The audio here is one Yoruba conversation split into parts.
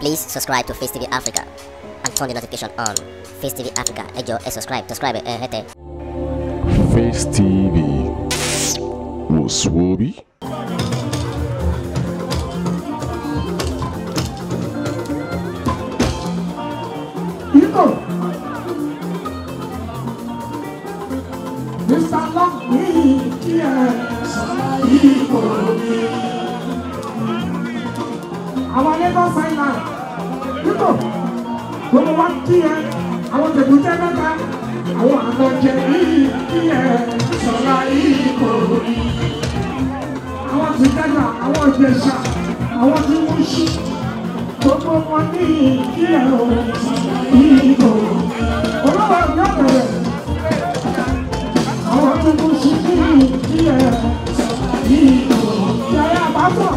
Please subscribe to Face TV Africa and turn the notification on. Face TV Africa, ejo, e subscribe, subscribe, eh, hete. Face TV, Muswobi. you go. I want to find You Lagos Island. People, gbogbo wa kí ẹ, àwọn tètè jẹ́ mẹ́ta, àwọn àlọ́jẹ yìí kí ẹ sọ̀rọ̀ yìí kò rí. Àwọn ti dẹ́gbà, àwọn ìjẹ̀ṣà, àwọn ti mú sí. Gbogbo wọn ní kí ẹ o, yìí kò rí. Oh ọ̀gá bẹ̀rẹ̀, àwọn ti mú sí kí ẹ, yìí kò rí. Yàrá àbátọ̀.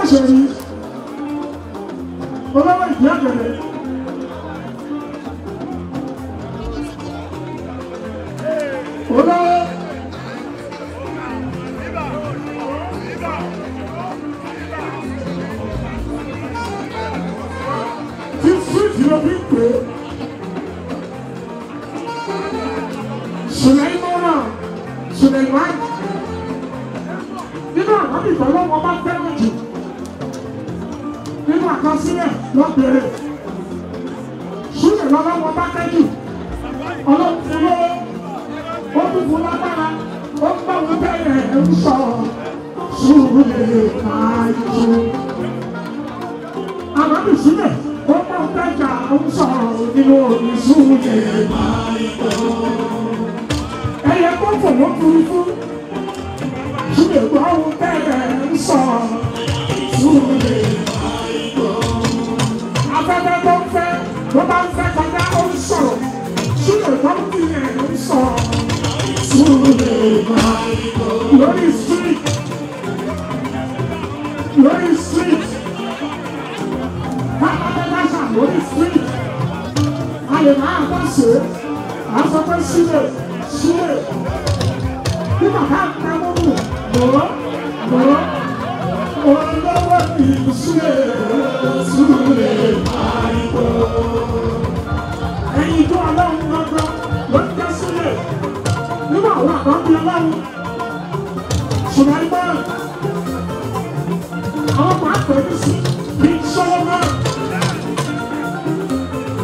olówó ìgbé ọ̀gẹ̀dẹ̀. nínú àkọsílẹ̀ lọ bẹ̀rẹ̀ ṣúlẹ̀ lọ́lọ́wọ́ bá kẹ́jù ọlọ́run fún lọ́wọ́ ó tún fún lágbára ó ń bá wọn bẹ̀rẹ̀ ń sọ ṣúlẹ̀ kájú. àmọ́bí sílẹ̀ ó bá wọn bẹ̀jà ń sọ nínú òní ṣúlẹ̀ kájú. ẹ̀yẹ kó fòwò burúkú. lè máa bá ṣe é à ń sọ pé sílè sílè bí màmá ta mọ́mù lọ́ọ́ lọ́ọ́ olówó mi sílè sílè máa ń bọ̀. ẹyin tó ọlọ́run gbọ́gbọ́ ló ń jẹ́ sílè nígbà wo àbá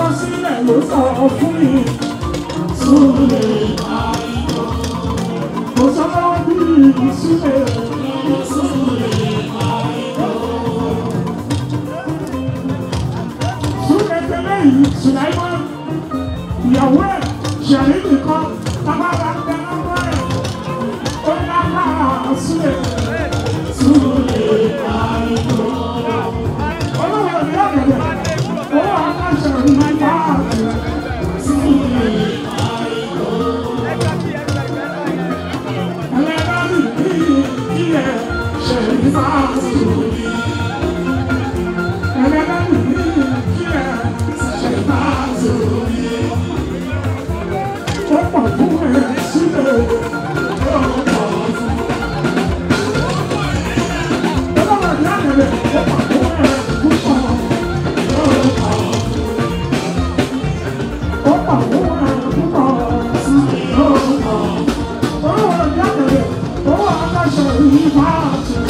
kọ sílẹ̀ ló sọ fún mi. Súlè àìkọ́. Mo sọ fún bí Súlè. Súlè àìkọ́. Súlè tẹ́lẹ̀ yìí Sùláìmọ́. Ìyàwó ẹ̀ ṣẹ̀rí nìkan. Bàbá bá ń bẹ lọ́wọ́ ẹ̀. Ó ń bá bá Súlè. Mountain.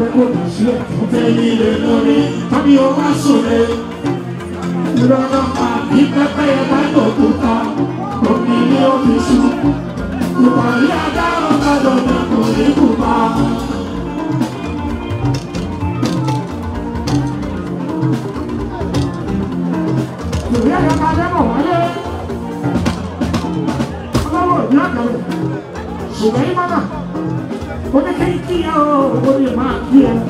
pé kò dùn sílẹ̀ fún tẹ́lẹ̀ ilé lórí tàbí o wá sòrè. Ìrọ̀lọ́ máa bí pẹ́pẹ́ yẹn bá lò kú ta, omi ní omi sùn. Ìpàdé adáhùn bá lọ́dọ̀ kò ní kú pa. Ìwé ẹ̀rọ máa dẹ́mọ̀ wáyé. Ọlọ́wọ́ ìyá kan rẹ̀, ṣùgbọ́n ìmọ̀ náà. magia.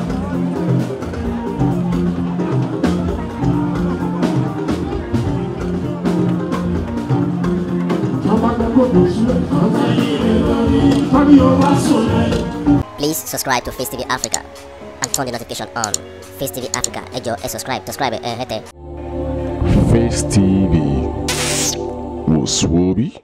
Please subscribe to Face TV Africa and turn the notification on. Face TV Africa, ejo, yo, subscribe, subscribe, eh, hete. Face TV was